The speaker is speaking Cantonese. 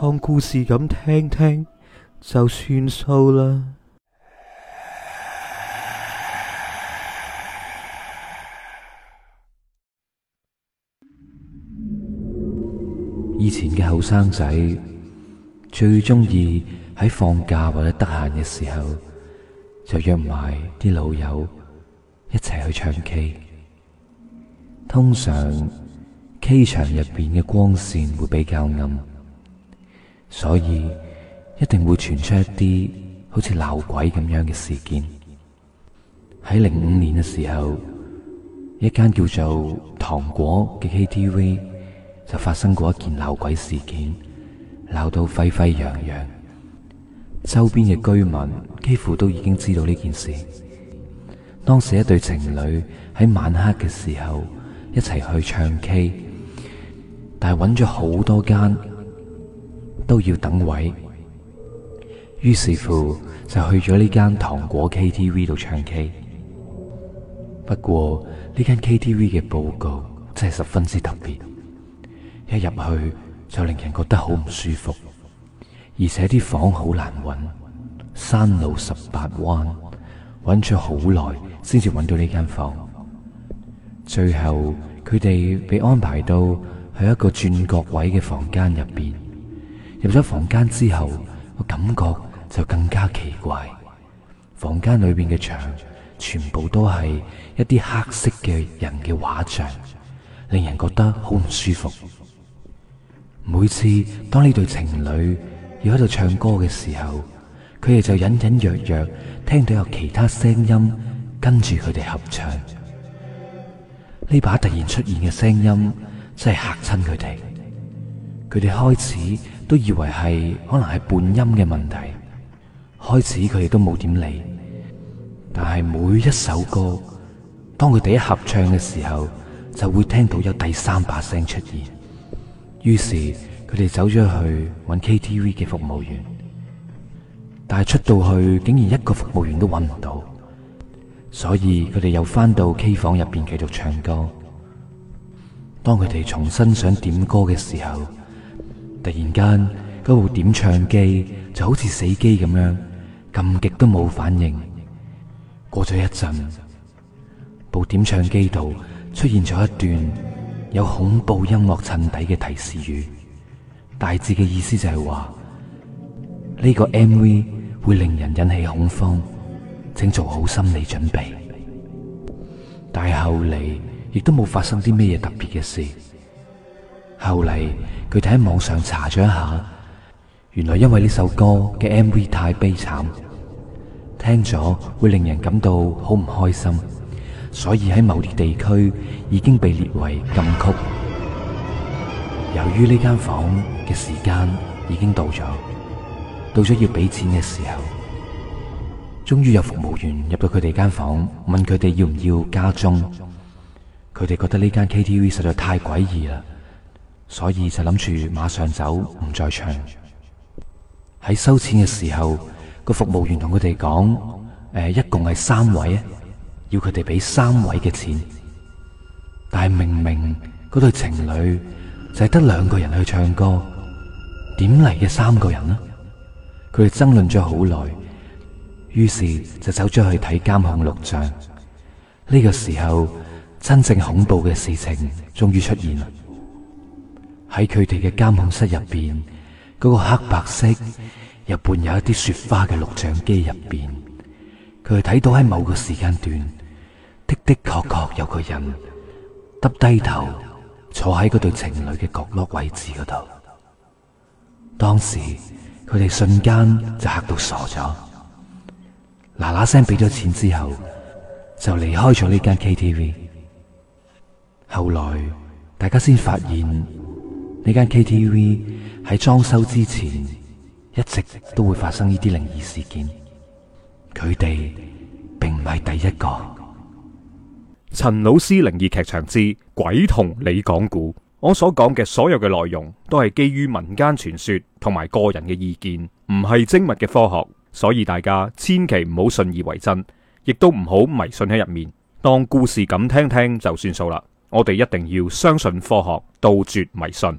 當故事咁聽聽就算數啦。以前嘅後生仔最中意喺放假或者得閒嘅時候，就約埋啲老友一齊去唱 K。通常 K 場入邊嘅光線會比較暗。所以，一定會傳出一啲好似鬧鬼咁樣嘅事件。喺零五年嘅時候，一間叫做糖果嘅 KTV 就發生過一件鬧鬼事件，鬧到沸沸揚揚，周邊嘅居民幾乎都已經知道呢件事。當時一對情侶喺晚黑嘅時候一齊去唱 K，但係揾咗好多間。都要等位，於是乎就去咗呢間糖果 KTV 度唱 K。不過呢間 KTV 嘅佈局真係十分之特別，一入去就令人覺得好唔舒服，而且啲房好難揾，山路十八彎，揾咗好耐先至揾到呢間房。最後佢哋被安排到喺一個轉角位嘅房間入邊。入咗房間之後，我感覺就更加奇怪。房間裏面嘅牆全部都係一啲黑色嘅人嘅畫像，令人覺得好唔舒服。每次當呢對情侶要喺度唱歌嘅時候，佢哋就隱隱約約聽到有其他聲音跟住佢哋合唱。呢把突然出現嘅聲音真係嚇親佢哋。佢哋開始都以為係可能係半音嘅問題，開始佢哋都冇點理，但係每一首歌，當佢哋一合唱嘅時候，就會聽到有第三把聲出現。於是佢哋走咗去揾 KTV 嘅服務員，但係出到去竟然一個服務員都揾唔到，所以佢哋又翻到 K 房入邊繼續唱歌。當佢哋重新想點歌嘅時候，突然間，嗰部點唱機就好似死機咁樣，撳極都冇反應。過咗一陣，部點唱機度出現咗一段有恐怖音樂襯底嘅提示語，大致嘅意思就係話呢個 MV 會令人引起恐慌，請做好心理準備。但係後嚟亦都冇發生啲咩嘢特別嘅事。後嚟佢哋喺網上查咗一下，原來因為呢首歌嘅 MV 太悲慘，聽咗會令人感到好唔開心，所以喺某啲地區已經被列為禁曲。由於呢間房嘅時間已經到咗，到咗要俾錢嘅時候，終於有服務員入到佢哋間房，問佢哋要唔要加鐘。佢哋覺得呢間 KTV 實在太詭異啦。所以就諗住馬上走，唔再唱。喺收錢嘅時候，個服務員同佢哋講：誒、呃，一共係三位啊，要佢哋俾三位嘅錢。但係明明嗰對情侶就係得兩個人去唱歌，點嚟嘅三個人呢？佢哋爭論咗好耐，於是就走咗去睇監控錄像。呢、這個時候，真正恐怖嘅事情終於出現啦。喺佢哋嘅監控室入邊，嗰個黑白色又伴有一啲雪花嘅錄像機入邊，佢睇到喺某個時間段的的確確有個人耷低頭坐喺嗰對情侶嘅角落位置嗰度。當時佢哋瞬間就嚇到傻咗，嗱嗱聲俾咗錢之後就離開咗呢間 KTV。後來大家先發現。呢間 K T V 喺裝修之前，一直都會發生呢啲靈異事件。佢哋並唔係第一個。陳老師靈異劇場之鬼同你講故，我所講嘅所有嘅內容都係基於民間傳說同埋個人嘅意見，唔係精密嘅科學，所以大家千祈唔好信以為真，亦都唔好迷信喺入面，當故事咁聽聽就算數啦。我哋一定要相信科學，杜絕迷信。